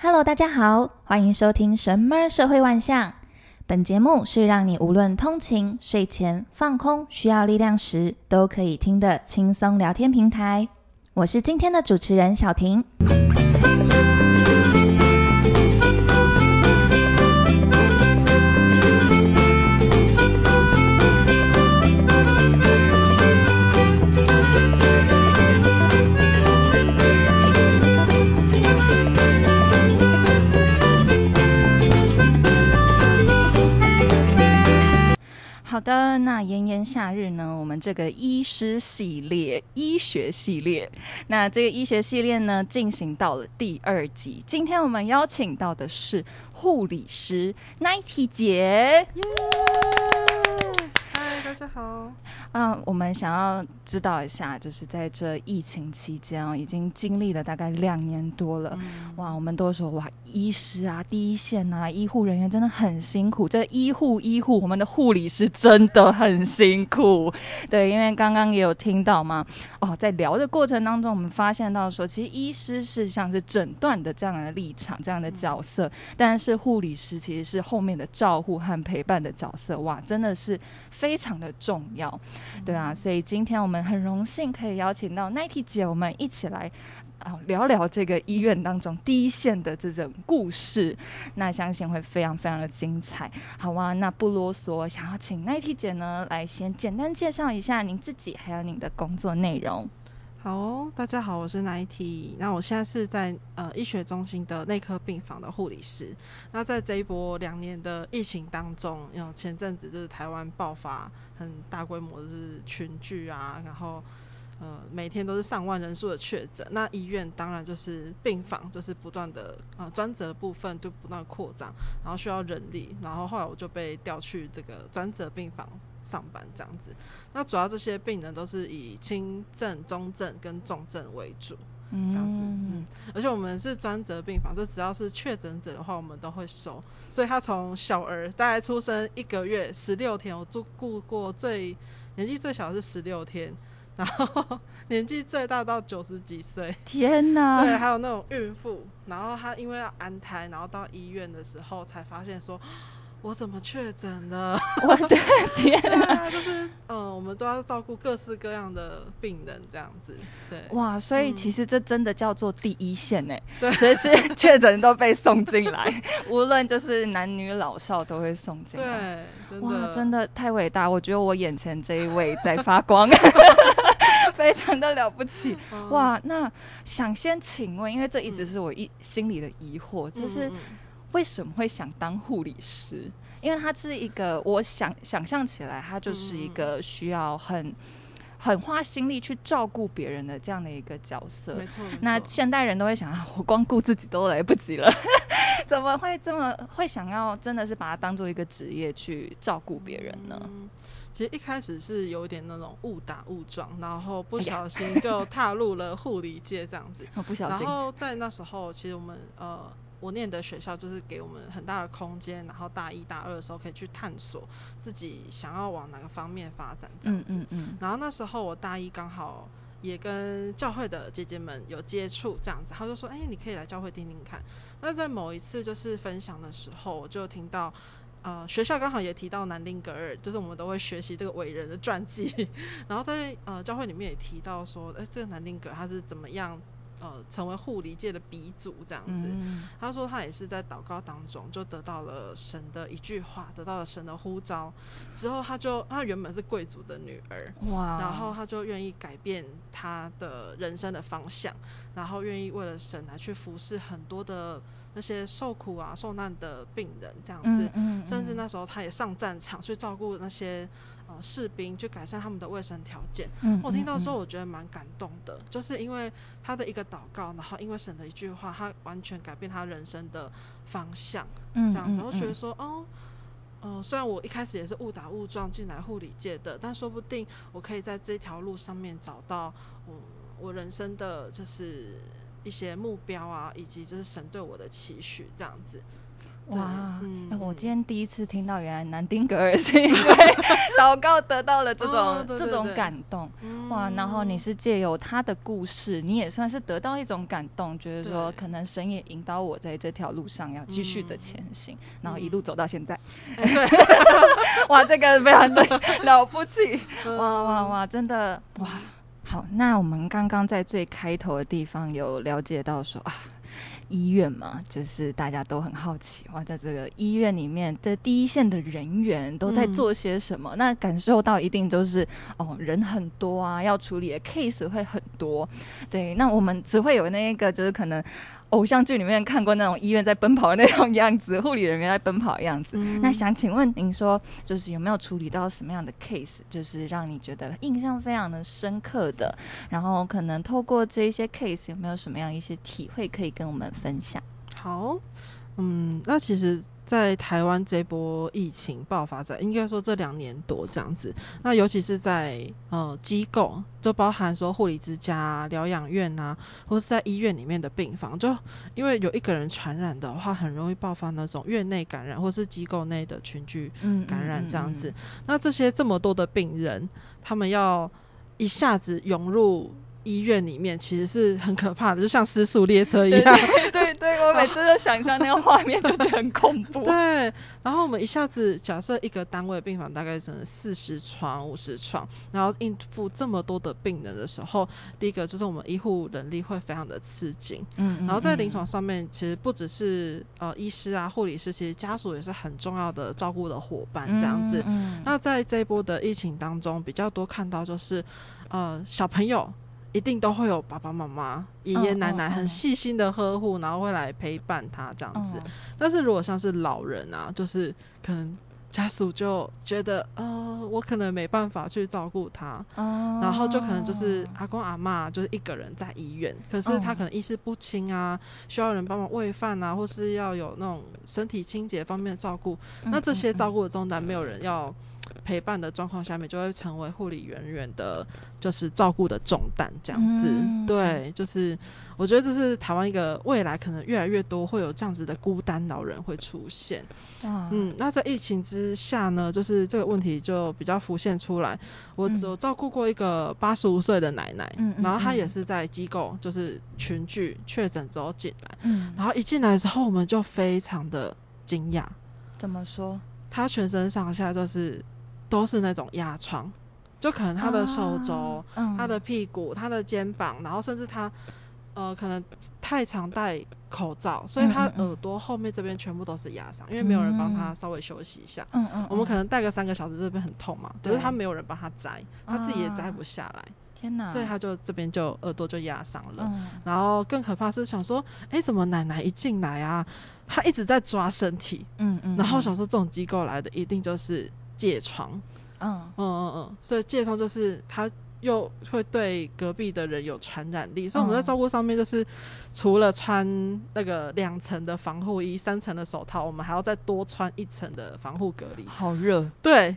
Hello，大家好，歡迎收聽《神 mur 社會萬象》。本節目是讓你無論通勤、睡前、放空、需要力量時，都可以聽的輕鬆聊天平台。我是今天的主持人小婷。好的，那炎炎夏日呢？我們這個醫師系列、醫學系列，那這個醫學系列呢，進行到了第二集。今天我們邀請到的是護理師 Nighty 姐。Yeah! 大家好啊！我們想要知道一下，就是在這疫情期間哦，已經經歷了大概兩年多了、嗯。哇，我們都說哇，醫師啊，第一線啊，醫護人員真的很辛苦。這醫護醫護，我們的護理師真的很辛苦。 對，因為剛剛也有聽到嘛，哦，在聊的過程當中，我們發現到說，其實醫師是像是診斷的這樣的立場、這樣的角色，嗯、但是護理師其實是後面的照護和陪伴的角色。哇，真的是非常的。重要。對啊，所以今天我們很榮幸可以邀請到 Nighty 姐，我們一起來啊聊聊這個醫院當中第一線的這種故事，那相信會非常非常的精彩。好啊，那不囉嗦，想要請 Nighty 姐呢來先簡單介紹一下您自己，還有您的工作內容。好、哦，大家好，我是 Nighty，那我現在是在呃醫學中心的內科病房的護理師。那在這一波兩年的疫情當中，有前陣子就是台灣爆發很大規模就是群聚啊，然後呃每天都是上萬人數的確診，那醫院當然就是病房就是不斷的呃專責的部分就不斷擴張，然後需要人力，然後後來我就被調去這個專責病房，上班這樣子，那主要這些病人都是以輕症、中症跟重症為主，這樣子嗯。嗯，而且我們是專責病房，就只要是確診者的話，我們都會收。所以他從小兒大概出生一個月十六天，我住過過最年紀最小的是十六天，然後年紀最大到九十幾歲，天哪！對，還有那種孕婦，然後他因為要安胎，然後到醫院的時候才發現說。我怎麼確診的？我的天、 啊、就是嗯、呃，我們都要照顧各式各樣的病人，這樣子。對，哇，所以其實這真的叫做第一線誒、嗯。對，所以確診都被送進來，無論就是男女老少都會送進來。對，真的。哇，真的太偉大。我覺得我眼前這一位在發光， 非常的了不起。哇，那想先請問，因為這一直是我一心裡的疑惑，嗯、就是。為什麼會想當護理師？因為他是一個我想想象起來，他就是一個需要很很花心力去照顧別人的這樣的一個角色。沒錯。那現代人都會想啊，我光顧自己都來不及了， 怎麼會這麼會想要真的是把它當做一個職業去照顧別人呢？其實一開始是有點那種誤打誤撞，然後不小心就踏入了護理界這樣子。不小心， 然後在那時候，其實我們呃。我念的學校就是給我們很大的空間，然後大一大二的時候可以去探索自己想要往哪個方面發展這樣子。嗯，嗯，嗯。然後那時候我大一剛好也跟教會的姐姐們有接觸這樣子，她就說：“欸，你可以來教會聽聽看。”那在某一次就是分享的時候，我就聽到呃學校剛好也提到南丁格爾，就是我們都會學習這個偉人的傳記。然後在呃教會裡面也提到說：“欸，這個南丁格爾他是怎麼樣？”呃，成為護理界的鼻祖這樣子。嗯嗯，他說他也是在禱告當中就得到了神的一句話，得到了神的呼召之後，他就他原本是貴族的女兒，哇！然後他就願意改變他的人生的方向，然後願意為了神來去服侍很多的那些受苦啊、受難的病人這樣子，嗯嗯嗯，甚至那時候他也上戰場去照顧那些。士兵去改善他們的衛生條件。嗯、我聽到之後，我覺得蠻感動的，嗯嗯，就是因為他的一個禱告，然後因為神的一句話，他完全改變他人生的方向。這樣子，嗯嗯嗯，我覺得說，哦，嗯、呃，雖然我一開始也是誤打誤撞進來護理界的，但說不定我可以在這條路上面找到，嗯，我人生的就是一些目標啊，以及就是神對我的期許，這樣子。哇、嗯，欸！我今天第一次聽到，原來南丁格爾是因為禱告得到了這種 這種感動、哦對對對。哇！然後你是借由他的故事，你也算是得到一種感動，覺得、就是、說可能神也引導我在這條路上要繼續的前行、嗯，然後一路走到現在。嗯 哎、對 哇！這個非常的了不起。 哇哇哇！真的哇！好，那我們剛剛在最開頭的地方有了解到說啊。醫院嘛，就是大家都很好奇哇，在這個醫院裡面的第一線的人員都在做些什麼？嗯、那感受到一定都、就是哦，人很多啊，要處理的 case 會很多。對，那我們只會有那個，就是可能。偶像劇裡面看過那種醫院在奔跑的那種樣子，護理人員在奔跑的樣子。嗯。那想請問您說，就是有沒有處理到什麼樣的 case，就是讓你覺得印象非常的深刻的？然後可能透過這一些 case，有沒有什麼樣一些體會可以跟我們分享？好，嗯，那其實。在台灣這波疫情爆發在，應該說這兩年多這樣子。那尤其是在呃機構，就包含說護理之家、啊、療養院吶、啊，或者是在醫院裡面的病房，就因為有一個人傳染的話，很容易爆發那種院內感染，或是機構內的群聚感染這樣子，嗯嗯嗯嗯。那這些這麼多的病人，他們要一下子湧入。醫院裡面其實是很可怕的，就像失速列車一樣。 對，對，對對，我每次都想象那個畫面， 就覺得很恐怖。 對。然後我們一下子假設一個單位的病房大概只能四十床，五十床，然後應付這麼多的病人的時候，第一個就是我們醫護人力會非常的吃緊。嗯嗯嗯。然後在臨床上面，其實不只是呃醫師啊、護理師，其實家屬也是很重要的照顧的夥伴。這樣子。嗯嗯。那在這一波的疫情當中，比較多看到就是呃小朋友。一定都會有爸爸媽媽、爺爺奶奶很細心的呵護，oh, oh, oh. 然後會來陪伴他這樣子。Oh. 但是如果像是老人啊，就是可能家屬就覺得，呃，我可能沒辦法去照顧他，oh. 然後就可能就是阿公阿嬤就是一個人在醫院，可是他可能意識不清啊，oh. 需要人幫忙餵飯啊，或是要有那種身體清潔方面的照顧，那這些照顧的重擔沒有人要，陪伴的狀況下面，就會成為護理人員的，就是照顧的重擔，這樣子、嗯。對，就是我覺得這是台灣一個未來可能越來越多會有這樣子的孤單老人會出現、啊。嗯，那在疫情之下呢，就是這個問題就比較浮現出來。我只有照顧過一個八十五歲的奶奶、嗯，然後她也是在機構、嗯，就是群聚確診之後進來。嗯，然後一進來之後，我們就非常的驚訝。怎麼說？她全身上下就是。都是那種壓瘡，就可能他的手肘、啊嗯、他的屁股、他的肩膀，然後甚至他，呃，可能太常戴口罩，所以他耳朵後面這邊全部都是壓傷、嗯嗯，因為沒有人幫他稍微休息一下。嗯嗯、嗯。我們可能戴個三個小時這邊很痛嘛，可，就是他沒有人幫他摘，他自己也摘不下來。天、啊、哪！所以他就這邊就耳朵就壓傷了，嗯。然後更可怕是想說，哎、欸，怎麼奶奶一進來啊，他一直在抓身體。嗯嗯。然後想說，這種機構來的一定就是。疥瘡，嗯嗯嗯嗯，所以疥瘡就是它又會對隔壁的人有傳染力，所以我們在照顧上面就是除了穿那個兩層的防護衣、三層的手套，我們還要再多穿一層的防護隔離。好熱，對，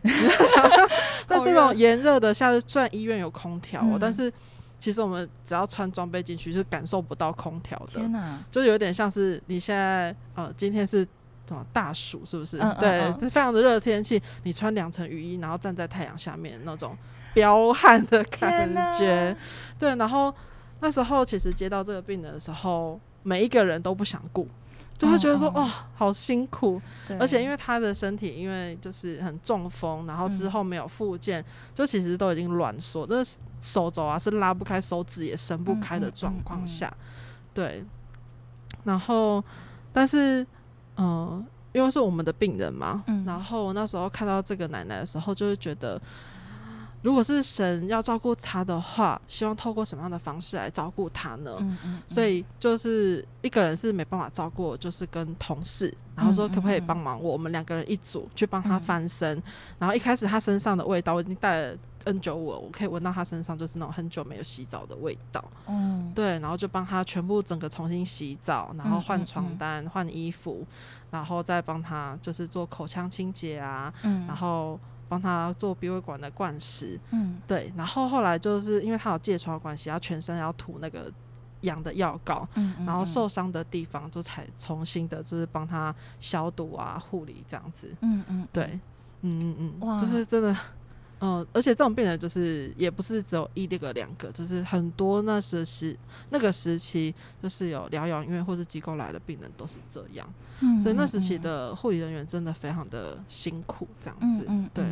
在這種炎熱的下，雖然醫院有空調、喔嗯，但是其實我們只要穿裝備進去是感受不到空調的。天哪，就有點像是你現在，呃、嗯，今天是。大暑是不是、嗯嗯嗯？對，非常的熱天氣，你穿兩層雨衣，然後站在太陽下面，那種彪悍的感覺。啊、對，然後那時候其實接到這個病人的時候，每一個人都不想顧，就會、是、覺得說，哦，哦好辛苦。而且因為他的身體，因為就是很中風，然後之後沒有復健、嗯，就其實都已經攣縮，那是手肘啊是拉不開，手指也伸不開的狀況下嗯嗯嗯嗯。對，然後但是。嗯，因為是我們的病人嘛，嗯，然後那時候看到這個奶奶的時候，就會覺得，如果是神要照顧她的話，希望透過什麼樣的方式來照顧她呢？嗯嗯嗯。所以就是一個人是沒辦法照顧，就是跟同事，然後說可不可以幫忙我？嗯嗯嗯。我們兩個人一組去幫她翻身。然後一開始她身上的味道，我已經帶了。N 95，我可以聞到他身上就是那種很久沒有洗澡的味道。嗯，對，然後就幫他全部整個重新洗澡，然後換床單、換、嗯嗯、衣服，然後再幫他就是做口腔清潔啊、嗯，然後幫他做鼻胃管的灌食，嗯，對。然後後來就是因為他有疥瘡的關係，他全身要塗那個癢的藥膏，嗯，嗯，然後受傷的地方就才重新的，就是幫他消毒啊、護理這樣子。嗯嗯，嗯，對，嗯嗯嗯，哇，就是真的。嗯，而且這種病人就是也不是只有一那個兩個，就是很多那時時那個時期，就是有療養院或是機構來的病人都是這樣，嗯嗯嗯嗯，所以那時期的護理人員真的非常的辛苦，這樣子，嗯嗯嗯，對。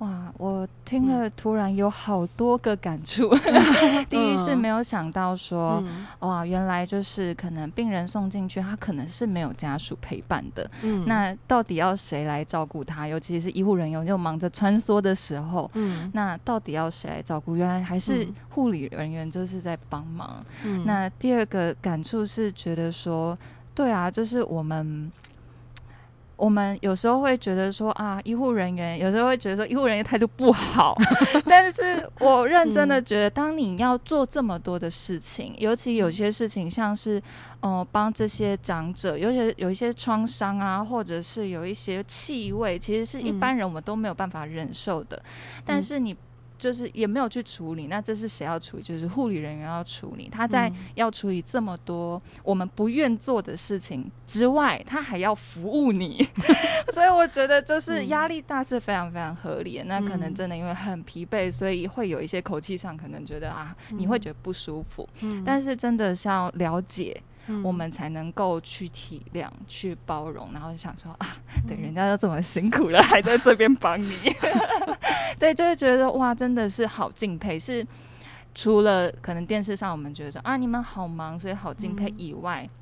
哇，我聽了突然有好多個感觸。嗯、 第一是沒有想到說、嗯，哇，原來就是可能病人送進去，他可能是沒有家屬陪伴的、嗯。那到底要誰來照顧他？尤其是醫護人員，又忙着穿梭的時候，嗯、那到底要誰來照顧？原來還是護理人員就是在幫忙、嗯。那第二個感觸是覺得說，對啊，就是我們。我們有時候會覺得說啊，醫護人員有時候會覺得說醫護人員態度不好， 但是我認真的覺得，當你要做這麼多的事情，嗯、尤其有些事情像是，哦、呃，幫這些長者，尤其有一些創傷啊，或者是有一些氣味，其實是一般人我們都沒有辦法忍受的，嗯、但是你。就是也沒有去處理，那這是誰要處理？就是護理人員要處理。他在要處理這麼多我們不願做的事情之外，他還要服務你， 所以我覺得就是壓力大是非常非常合理的。那可能真的因為很疲憊，所以會有一些口氣上可能覺得啊，你會覺得不舒服。但是真的像了解。我們才能夠去體諒、去包容，然後就想說啊，對、嗯，人家都這麼辛苦了，還在這邊幫你， 對，就會覺得說哇，真的是好敬佩，是除了可能電視上我們覺得說啊，你們好忙，所以好敬佩以外。嗯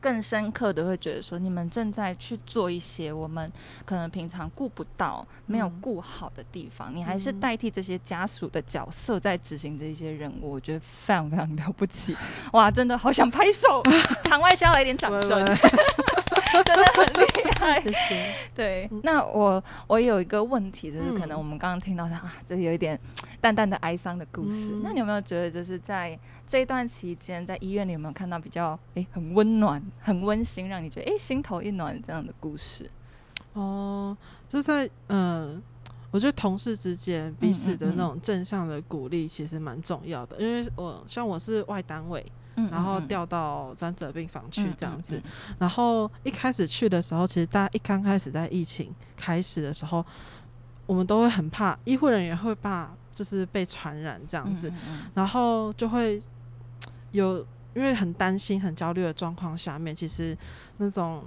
更深刻的會覺得說，你們正在去做一些我們可能平常顧不到、沒有顧好的地方、嗯。你還是代替這些家屬的角色在執行這些任務、嗯，我覺得非常非常了不起。哇，真的好想拍手， 場外需要來點掌聲， 真的很厲害。對，那我我有一個問題，就是可能我們剛剛聽到的、嗯、啊，就有一點淡淡的哀傷的故事、嗯。那你有沒有覺得，就是在這一段期間，在醫院裡有沒有看到比較哎、欸、很溫暖？很溫馨，讓你覺得哎、欸，心頭一暖這樣的故事。哦、呃，就在嗯、呃，我覺得同事之間、嗯嗯嗯、彼此的那種正向的鼓勵，其實蠻重要的。嗯嗯嗯，因為我像我是外單位，嗯嗯嗯，然後調到專責病房去這樣子嗯嗯嗯。然後一開始去的時候，其實大家一剛開始在疫情開始的時候，我們都會很怕醫護人員會怕就是被傳染這樣子嗯嗯嗯，然後就會有。因為很擔心、很焦慮的狀況下面，其實那種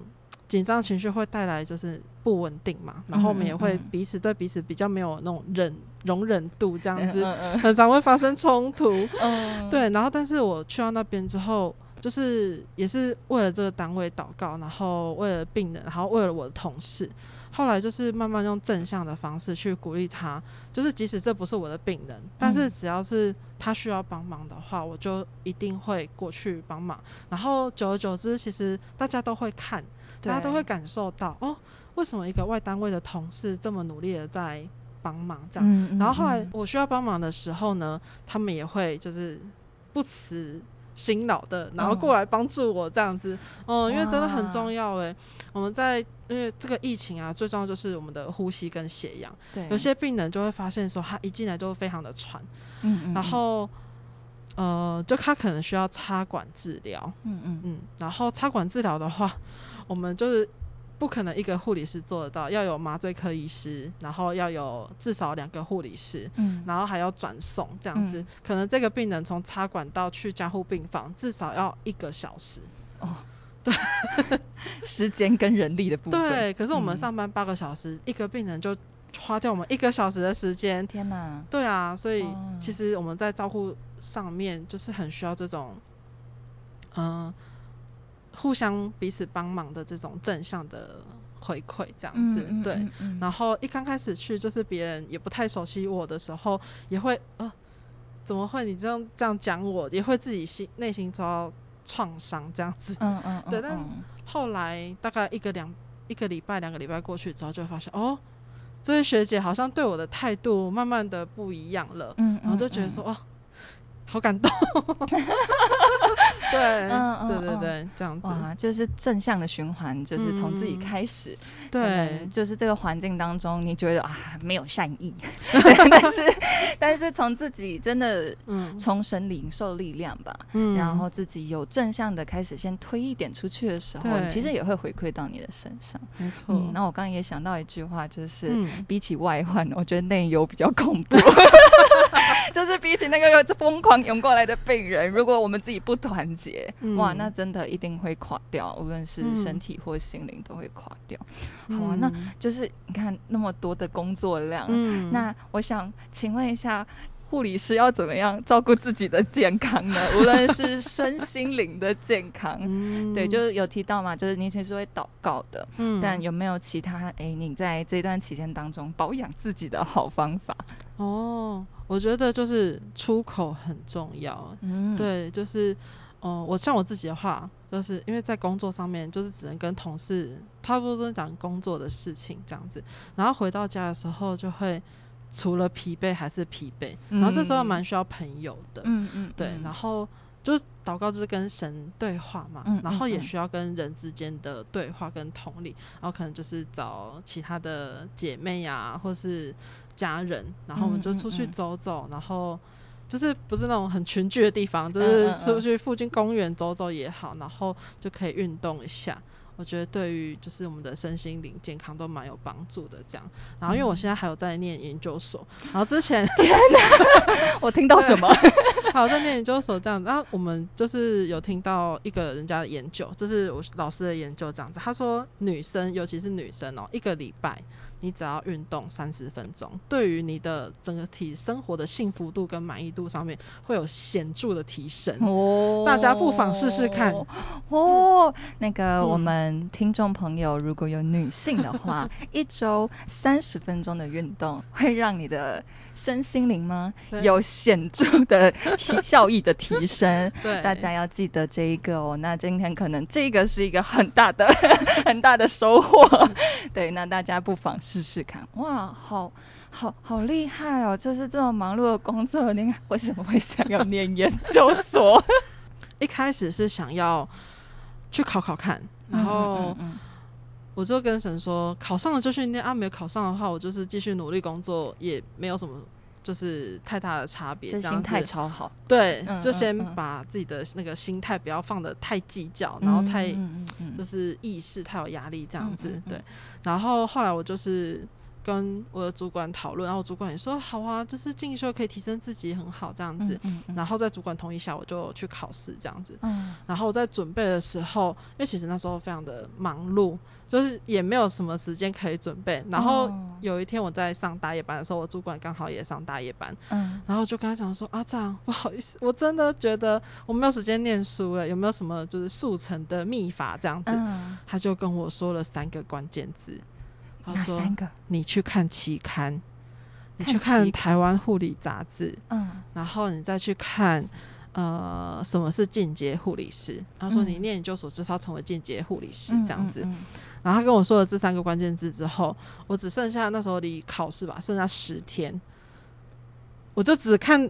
緊張情緒會帶來就是不穩定嘛，然後我們也會彼此對彼此比較沒有那種忍容忍度，這樣子，很常會發生衝突。 對，然後但是我去到那邊之後，就是也是為了這個單位禱告，然後為了病人，然後為了我的同事。後來就是慢慢用正向的方式去鼓勵他，就是即使這不是我的病人，但是只要是他需要幫忙的話，我就一定會過去幫忙。然後久而久之，其實大家都會看，大家都會感受到哦，為什麼一個外單位的同事這麼努力的在幫忙？這樣，然後後來我需要幫忙的時候呢，他們也會就是不辭。心腦的，然後過來幫助我這樣子、哦，嗯，因為真的很重要哎、欸。我們在因為這個疫情啊，最重要就是我們的呼吸跟血氧。有些病人就會發現說，他一進來就非常的喘，嗯嗯，嗯，然後呃，就他可能需要插管治療，嗯嗯嗯，然後插管治療的話，我們就是。不可能一個護理師做得到，要有麻醉科醫師，然後要有至少兩個護理師、嗯，然後還要轉送這樣子、嗯。可能這個病人從插管到去加護病房，至少要一個小時。哦，對， 時間跟人力的部分。對，可是我們上班八個小時、嗯，一個病人就花掉我們一個小時的時間。天哪！對啊，所以其實我們在照護上面就是很需要這種、哦，嗯、呃。互相彼此幫忙的這種正向的回饋，這樣子。嗯嗯嗯嗯對。然後一剛開始去，就是別人也不太熟悉我的時候，也會呃、啊，怎麼會你這樣這樣講我，也會自己心內心遭創傷，這樣子。嗯嗯，嗯，嗯對，但後來大概一個兩一個禮拜、兩個禮拜過去之後，就發現哦，這些學姐好像對我的態度慢慢的不一樣了。嗯，嗯，嗯然後就覺得說，哦、啊。好感動，對，對對對，對，這樣子、 呃哦哦，就是正向的循環，就是從自己開始，對、嗯，就是這個環境當中，你覺得啊沒有善意， 但是但是從自己真的，嗯，從神領受力量吧，嗯，然後自己有正向的開始，先推一點出去的時候，其實也會回饋到你的身上，沒錯。那、嗯、我剛剛也想到一句話，就是、嗯、比起外患，我覺得內憂比較恐怖。 就是比起那個瘋狂湧過來的病人，如果我們自己不團結、嗯，哇，那真的一定會垮掉，無論是身體或心靈都會垮掉。嗯、好、啊，那就是你看那麼多的工作量，嗯、那我想請問一下，護理師要怎麼樣照顧自己的健康呢？無論是身心靈的健康， 對，就是有提到嘛，就是您其實會禱告的、嗯，但有沒有其他哎、欸，你在這段期間當中保養自己的好方法？哦。我覺得就是出口很重要，嗯，對，就是，呃，我像我自己的話，就是因為在工作上面，就是只能跟同事差不多都講工作的事情這樣子，然後回到家的時候就會除了疲憊還是疲憊，然後這時候蠻需要朋友的，嗯嗯，對，然後就是禱告就是跟神對話嘛，嗯嗯嗯，然後也需要跟人之間的對話跟同理，然後可能就是找其他的姐妹呀、啊，或是。家人，然後我們就出去走走，嗯嗯嗯，然後就是不是那種很群聚的地方，就是出去附近公園走走也好，嗯嗯嗯，然後就可以運動一下。我覺得對於就是我們的身心靈健康都蠻有幫助的。這樣，然後因為我現在還有在念研究所，嗯、然後之前天吶， 我聽到什麼？好 在念研究所這樣，然後我們就是有聽到一個人家的研究，就是我老師的研究這樣子。他說，女生尤其是女生哦，一個禮拜。你只要運動三十分鐘，對於你的整個體生活的幸福度跟滿意度上面會有顯著的提升。哦，大家不妨試試看哦。那個，我們聽眾朋友如果有女性的話，嗯，一周三十分鐘的運動會讓你的。身心靈嗎？有顯著的效益的提升。 對，大家要記得這一個哦。那今天可能這個是一個很大的、 很大的收穫。對，那大家不妨試試看。哇，好好好厲害哦！就是這麼忙碌的工作，你為什麼會想要念研究所？ 一開始是想要去考考看，然後嗯嗯嗯嗯。我就跟神說，考上了就訓練，啊，沒有考上的話，我就是繼續努力工作，也沒有什麼，就是太大的差別。這樣這心態超好，對、嗯，就先把自己的那個心態不要放得太計較，嗯、然後太、嗯嗯、就是意識太有壓力這樣子，嗯、對、嗯嗯。然後後來我就是。跟我的主管討論，然後主管也說好啊，就是進修可以提升自己，很好這樣子，嗯嗯嗯。然後在主管同意下，我就去考試這樣子、嗯。然後在準備的時候，因為其實那時候非常的忙碌，就是也沒有什麼時間可以準備。然後有一天我在上大夜班的時候，我主管剛好也上大夜班、嗯，然後就跟他講說：“阿長，不好意思，我真的覺得我沒有時間念書了，有沒有什麼就是速成的秘法這樣子、嗯？”他就跟我說了三個關鍵字。他說：“你去看期刊，你去看台灣護理雜誌，然後你再去看，呃，什麼是進階護理師？他、嗯、說你念研究所至少成為進階護理師、嗯、這樣子。嗯嗯嗯、然後他跟我說了這三個關鍵字之後，我只剩下那時候離考試吧，剩下十天，我就只看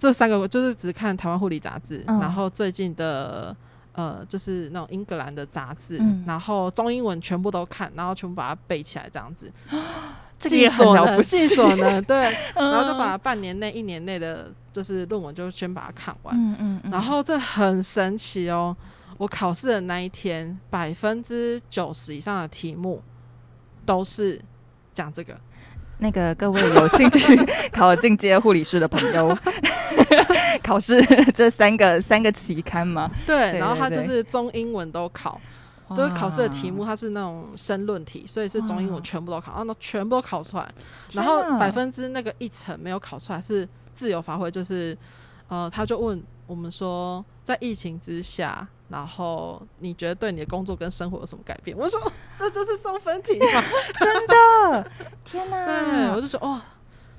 這三個，就是只看台灣護理雜誌，嗯、然後最近的。”呃，就是那種英格蘭的雜誌、嗯，然後中英文全部都看，然後全部把它背起來，這樣子，盡所能，啊這個，盡所能，對、嗯，然後就把半年內、一年內的就是論文就先把它看完，嗯嗯嗯，然後這很神奇哦，我考試的那一天，百分之九十以上的題目都是講這個。那個各位有興趣考進階護理師的朋友， 考試這三個三個期刊嘛，對對對，對，然後他就是中英文都考，就是考試的題目，他是那種申論題，所以是中英文全部都考，啊，那全部都考出來，然後百分之那個一成沒有考出來是自由發揮，就是呃，他就問我們說，在疫情之下。然後你覺得對你的工作跟生活有什麼改變？我說這就是送分題嘛， 真的，天哪！對，我就說哇、哦，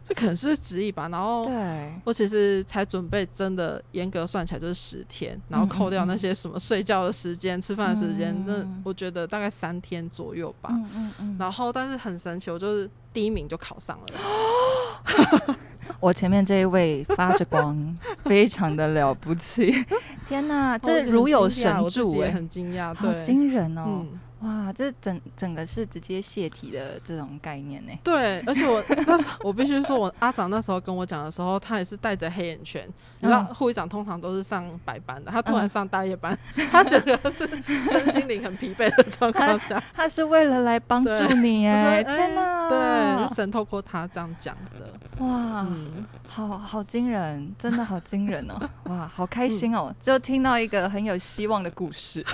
這可能是指引吧。然後，對，我其實才準備，真的嚴格算起來就是十天，然後扣掉那些什麼睡覺的時間、嗯嗯嗯吃飯的時間，那我覺得大概三天左右吧。嗯嗯,嗯然後，但是很神奇，我就是第一名就考上了。 我前面這一位發着光， 非常的了不起！ 天哪，這如有神助哎，欸，很驚訝，很驚訝，好驚人哦。嗯哇，這整整個是直接洩題的這種概念呢、欸。對， 而且我那時候我必須說，我阿長那時候跟我講的時候，他也是帶着黑眼圈。你知道，護士長通常都是上白班的，他突然上大夜班，嗯、 他整個是身心靈很疲憊的狀況下 他。他是為了來幫助你耶！天哪、欸哦，對，是神透過他這樣講的。哇，嗯、好好驚人，真的好驚人哦！哇，好開心哦、嗯，就聽到一個很有希望的故事。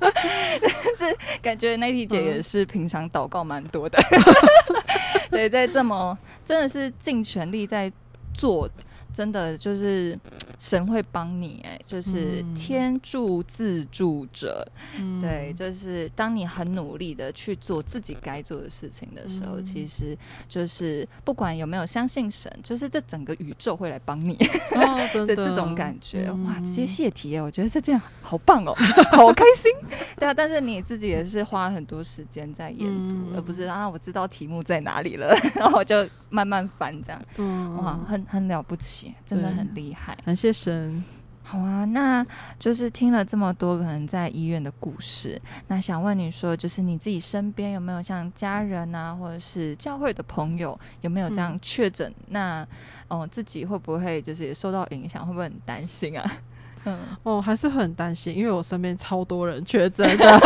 但是感覺 Nighty 姐也是平常禱告蠻多的 對，在這麼真的是盡全力在做。真的就是神會幫你哎、欸，就是天助自助者，嗯，對，就是當你很努力的去做自己該做的事情的時候，嗯，其實就是不管有沒有相信神，就是這整個宇宙會來幫你。這、啊、 這種感覺，哇，直接洩題耶！我覺得這件樣好棒哦，喔，好開心。 對啊，但是你自己也是花很多時間在研讀，嗯，而不是啊，我知道題目在哪裡了， 然後我就慢慢翻這樣。哇，很很了不起。真的很厲害，感謝神。好啊，那就是聽了這麼多可能在醫院的故事，那想問你說，就是你自己身邊有沒有像家人啊，或者是教會的朋友有沒有這樣確診？嗯、那哦，自己會不會就是也受到影響？會不會很擔心啊？嗯，我、哦、還是很擔心，因為我身邊超多人確診的，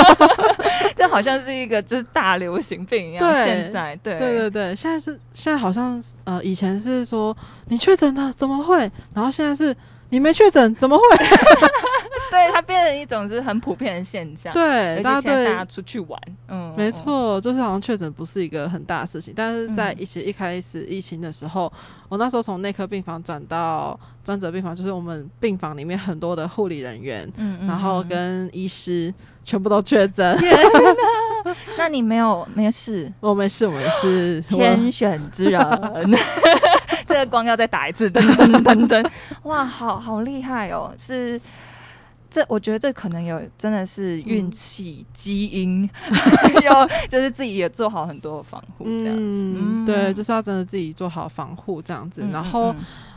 就 好像是一個就是大流行病一樣。對，現在對，對，對，對，現在是現在好像呃，以前是說你確診的怎麼會，然後現在是。你沒確診，怎麼會？ 對，它變成一種就是很普遍的現象。對，而且大家出去玩，嗯，沒錯、嗯，就是好像確診不是一個很大的事情。但是在一起一開始疫情的時候，嗯、我那時候從內科病房轉到專責病房，就是我們病房裡面很多的護理人員，嗯嗯嗯，然後跟醫師全部都確診。啊、 那你沒有沒事？我沒事，我沒事，天選之人。 這個光要再打一次，噔噔噔噔，哇，好好厲害哦！是這，我覺得這可能有真的是運氣基因，有、嗯、 就，就是自己也做好很多的防護這樣子、嗯嗯。對，就是要真的自己做好防護這樣子。然後，嗯，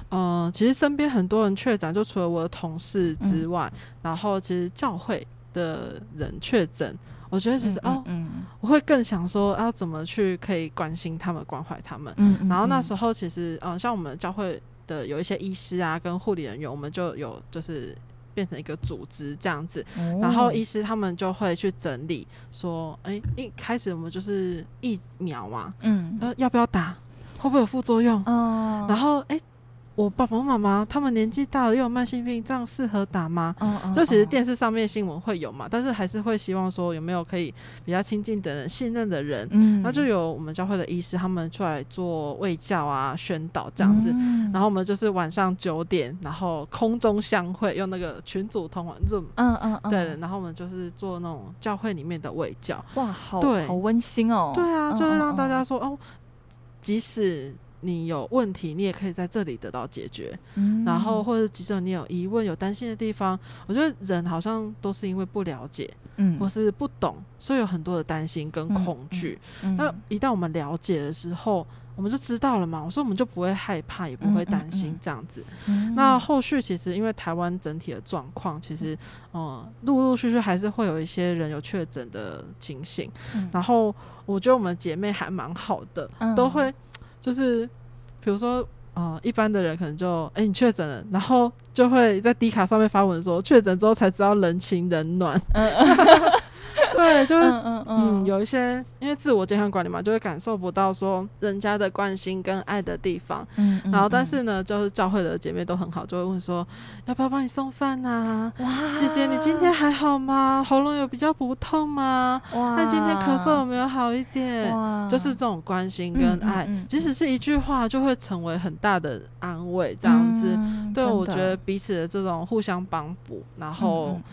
嗯呃、其實身邊很多人確診，就除了我的同事之外，嗯、然後其實教會的人確診。我覺得其實、嗯嗯嗯、哦，我會更想說要、啊、怎麼去可以關心他們、關懷他們嗯嗯嗯。然後那時候其實呃、嗯，像我們教會的有一些醫師啊，跟護理人員，我們就有就是變成一個組織這樣子。哦、然後醫師他們就會去整理說，哎、欸，一開始我們就是疫苗嘛，嗯，要不要打，會不會有副作用？哦、然後哎。欸我爸爸媽媽他們年紀大了，又有慢性病，這樣適合打嗎？Oh, uh, uh, uh. 就其實電視上面新聞會有嘛，但是還是會希望說，有沒有可以比較親近的人、信任的人。Mm. 那就有我們教會的醫師他們出來做衛教啊、宣導這樣子。Mm. 然後我們就是晚上九點，然後空中相會，用那個群組通話嗯嗯嗯。對，然後我們就是做那種教會裡面的衛教。哇，好對好溫馨哦。對啊，就是讓大家說哦，uh, uh, uh. 即使。你有問題，你也可以在這裡得到解決。嗯，然後或者即使你有疑問、有擔心的地方，我覺得人好像都是因為不了解，嗯，或是不懂，所以有很多的擔心跟恐懼、嗯嗯。那一旦我們了解的時候，我們就知道了嘛。我說我們就不會害怕，也不會擔心這樣子、嗯嗯嗯。那後續其實因為台灣整體的狀況，其實嗯，陸陸續續還是會有一些人有確診的情形、嗯。然後我覺得我們姐妹還蠻好的，嗯、都會。就是，比如說，嗯、呃，一般的人可能就，哎、欸，你確診了，然後就會在 D 卡上面發文說，確診之後才知道人情冷暖。嗯嗯 對，就是嗯，嗯，嗯，嗯，有一些因為自我健康管理嘛，就會感受不到說人家的關心跟愛的地方。嗯嗯、然後但是呢，就是教會的姐妹都很好，就會問說要不要幫你送飯啊？哇，姐姐你今天還好嗎？喉嚨有比較不痛嗎？哇，那今天咳嗽有沒有好一點？哇，就是這種關心跟愛，嗯嗯嗯、即使是一句話，就會成為很大的安慰，這樣子。嗯、對，我覺得彼此的這種互相幫補，然後。嗯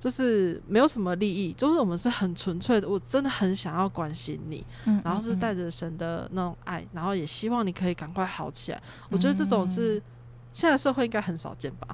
就是沒有什麼利益，就是我們是很純粹的，我真的很想要關心你，嗯，然後是帶着神的那種愛，嗯，然後也希望你可以趕快好起來，嗯。我覺得這種是現在社會應該很少見吧。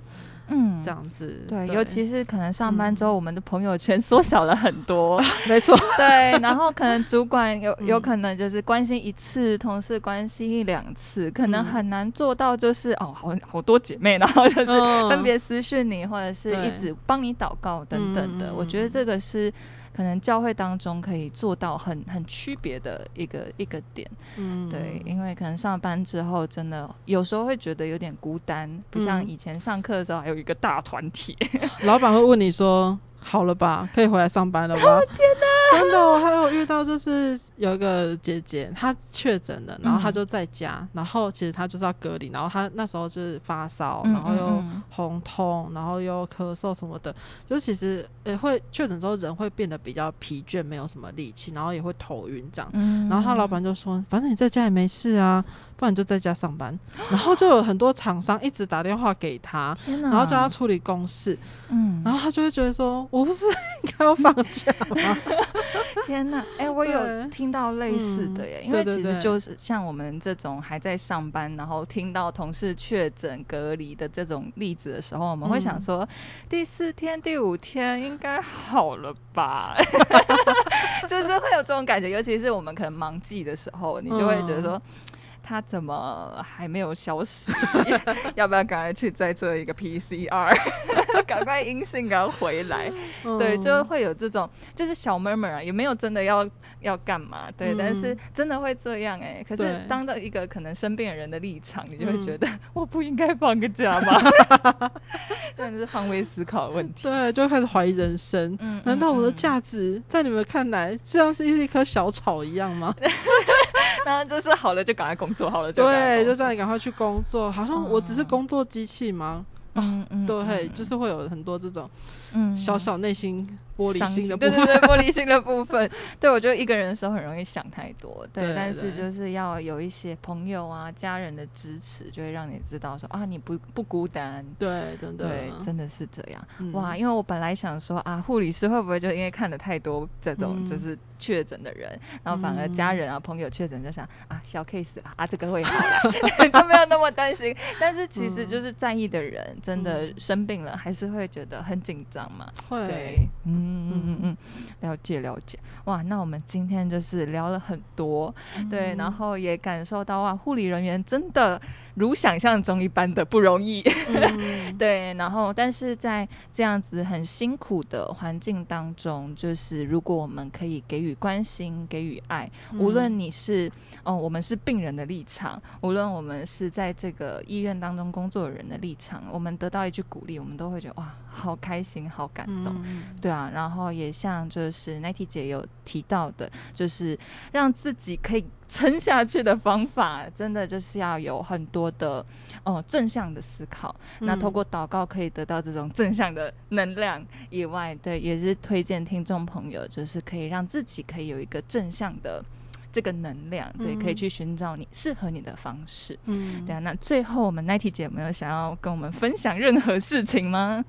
嗯，這樣子對，對，尤其是可能上班之後，我們的朋友圈縮小了很多，嗯、沒錯。 對，然後可能主管有、嗯、有可能就是關心一次，同事關心一兩次，可能很難做到就是、嗯、哦，好好多姐妹，然後就是分別私訊你、嗯，或者是一直幫你禱告等等的。我覺得這個是。可能教會當中可以做到很很區別的一個一個點，嗯，對，因為可能上班之後真的有時候會覺得有點孤單，不像以前上課的時候還有一個大團體。嗯、 老闆會問你說好了吧，可以回來上班了吧？Oh, 天吶，真的，我還有遇到，就是有一個姐姐，她確診了，然後她就在家、嗯，然後其實她就是要隔離，然後她那時候就是發燒，然後又紅痛，然後又咳嗽什麼的，嗯嗯嗯，就是其實也、欸、會確診之後，人會變得比較疲倦，沒有什麼力氣，然後也會頭暈這樣嗯嗯。然後她老闆就說：“反正你在家也沒事啊，不然你就在家上班。” 然後就有很多廠商一直打電話給她，然後叫她處理公事。嗯、然後她就會覺得說。我不是應該要放假嗎？ 天哪！哎、欸，我有聽到類似的耶，因為其實就是像我們這種還在上班，然後聽到同事確診隔離的這種例子的時候，我們會想說，嗯、第四天、第五天應該好了吧？ 就是會有這種感覺，尤其是我們可能忙季的時候，你就會覺得說。嗯他怎麼還沒有消失？ 要不要趕快去再做一個 PCR？趕 快陰性，趕快回來、嗯。對，就會有這種，就是小 murmur 啊，也沒有真的要要幹嘛。對、嗯，但是真的會這樣哎、欸。可是，當到一個可能生病的人的立場，你就會覺得、嗯、我不應該放個假嗎？ 真的是換位思考問題。對，就開始懷疑人生、嗯。難道我的價值在你們看來，就、嗯嗯、像是一一棵小草一樣嗎？ 那就是好了，就趕快工作好了就對，就這樣趕快去工作。好像我只是工作機器嗎？嗯，對，就是會有很多這種。嗯，小小內心玻璃心的部分心，對對對，玻璃心的部分， 對，我覺得一個人的時候很容易想太多，對，對，對，對，但是就是要有一些朋友啊、家人的支持，就會讓你知道說啊，你不不孤單，對，真的，對，真的是這樣，嗯、哇，因為我本來想說啊，護理師會不會就因為看了太多這種就是確診的人、嗯，然後反而家人啊、朋友確診就想啊，小 case 啊，啊，這個會好了， 就沒有那麼擔心，但是其實就是在意的人真的生病了，還是會覺得很緊張。對，嗯嗯嗯嗯，了解了解。哇，那我們今天就是聊了很多，嗯、對，然後也感受到哇，護理人員真的如想象中一般的不容易。嗯、 對，然後但是在這樣子很辛苦的環境當中，就是如果我們可以給予關心、給予愛，無論你是、嗯、哦，我們是病人的立場，無論我們是在這個醫院當中工作的人的立場，我們得到一句鼓勵，我們都會覺得哇，好開心。好感動、嗯，對啊，然後也像就是 Nighty 姐有提到的，就是讓自己可以撐下去的方法，真的就是要有很多的哦正向的思考。嗯、那透過禱告可以得到這種正向的能量以外，對，也是推薦聽眾朋友，就是可以讓自己可以有一個正向的這個能量，嗯、對，可以去尋找你適合你的方式。嗯，對啊。那最後，我們 Nighty 姐有沒有想要跟我們分享任何事情嗎？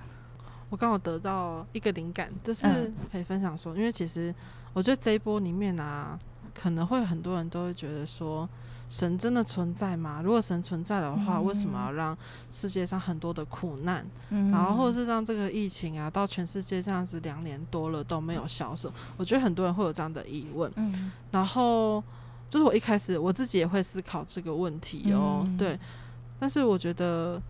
我剛好得到一個靈感，就是可以分享說、嗯，因為其實我覺得這一波裡面啊，可能會很多人都會覺得說，神真的存在嗎？如果神存在的話，嗯、為什麼要讓世界上很多的苦難、嗯，然後或者是讓這個疫情啊，到全世界這樣子兩年多了都沒有消失、嗯？我覺得很多人會有這樣的疑問。嗯、然後就是我一開始我自己也會思考這個問題哦，嗯、對，但是我覺得。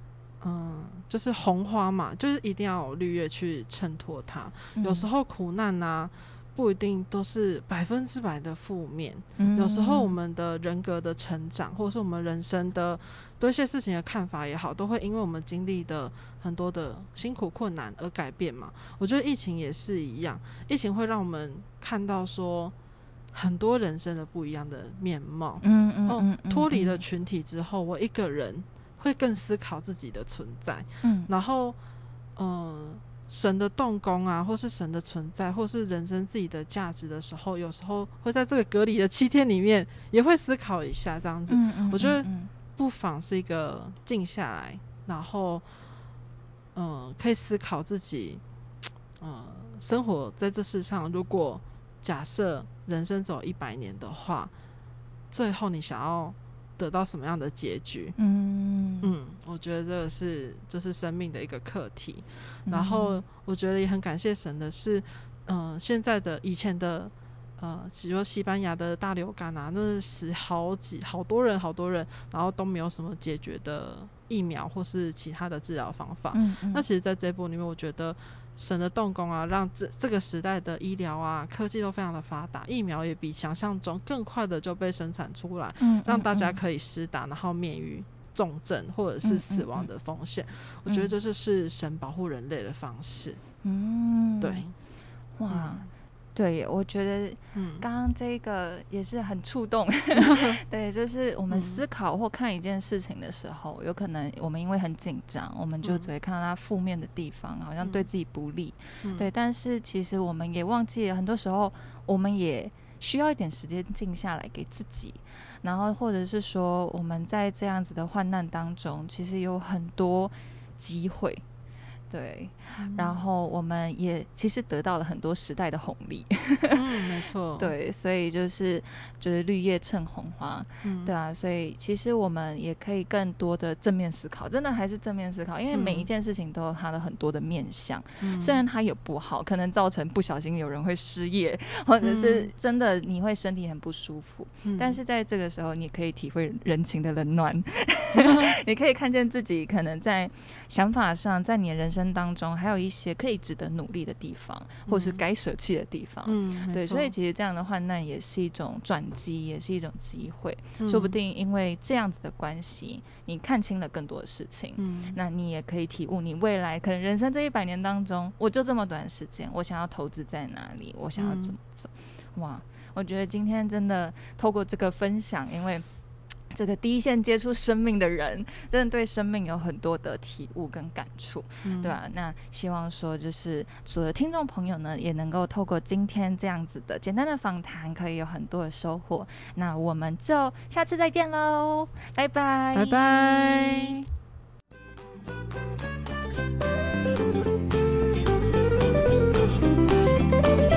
嗯，就是紅花嘛，就是一定要有綠葉去襯托它、嗯。有時候苦難啊，不一定都是百分之百的負面、嗯。有時候我們的人格的成長，嗯、或者是我們人生的對一些事情的看法也好，都會因為我們經歷的很多的辛苦困難而改變嘛。我覺得疫情也是一樣，疫情會讓我們看到說很多人生的不一樣的面貌。嗯嗯、哦、嗯，脫、嗯、離、嗯、了群體之後，我一個人。會更思考自己的存在，嗯、然後，嗯、呃，神的動工啊，或是神的存在，或是人生自己的價值的時候，有時候會在這個隔離的七天裡面，也會思考一下這樣子。嗯嗯嗯嗯、我覺得不妨是一個靜下來，然後，嗯、呃，可以思考自己，嗯、呃，生活在這世上，如果假設人生走一百年的話，最後你想要。得到什麼樣的結局？嗯嗯，我覺得這個是、就是生命的一個課題、嗯。然後我覺得也很感謝神的是，嗯、呃，現在的以前的，呃，比如西班牙的大流感啊，那是死好幾好多人，好多人，然後都沒有什麼解決的疫苗或是其他的治療方法。嗯，嗯，那其實在這部裡面，我覺得。神的動工啊，讓這這個時代的醫療啊、科技都非常的發達，疫苗也比想象中更快的就被生產出來，嗯嗯嗯，讓大家可以施打，然後免於重症或者是死亡的風險，嗯嗯嗯。我覺得這就是神保護人類的方式。嗯，對，哇。對，我覺得，嗯，剛剛這個也是很觸動。嗯、 對，就是我們思考或看一件事情的時候、嗯，有可能我們因為很緊張，我們就只會看到它負面的地方，好像對自己不利。嗯、對，但是其實我們也忘記了，很多時候我們也需要一點時間靜下來給自己，然後或者是說我們在這樣子的患難當中，其實有很多機會。對，然後我們也其實得到了很多時代的紅利。嗯， 沒錯。對，所以就是就是綠葉襯紅花。嗯，對啊。所以其實我們也可以更多的正面思考，真的還是正面思考，因為每一件事情都有它的很多的面相，嗯。雖然它有不好，可能造成不小心有人會失業，或者是真的你會身體很不舒服。嗯，但是在這個時候，你可以體會人情的冷暖，嗯， 你可以看見自己可能在想法上，在你的人生。人生當中還有一些可以值得努力的地方，或是該捨棄的地方。嗯，對，嗯、所以其實這樣的患難也是一種轉機，也是一種機會。說不定因為這樣子的關係，你看清了更多的事情。嗯，那你也可以體悟，你未來可能人生這一百年當中，我就這麼短時間，我想要投資在哪裡，我想要怎麼走、嗯？哇，我覺得今天真的透過這個分享，因為。這個第一線接觸生命的人，真的對生命有很多的體悟跟感觸，嗯，對啊，那希望說，就是所有的聽眾朋友呢，也能夠透過今天這樣子的簡單的訪談，可以有很多的收穫。那我們就下次再見嘍，拜拜，拜拜。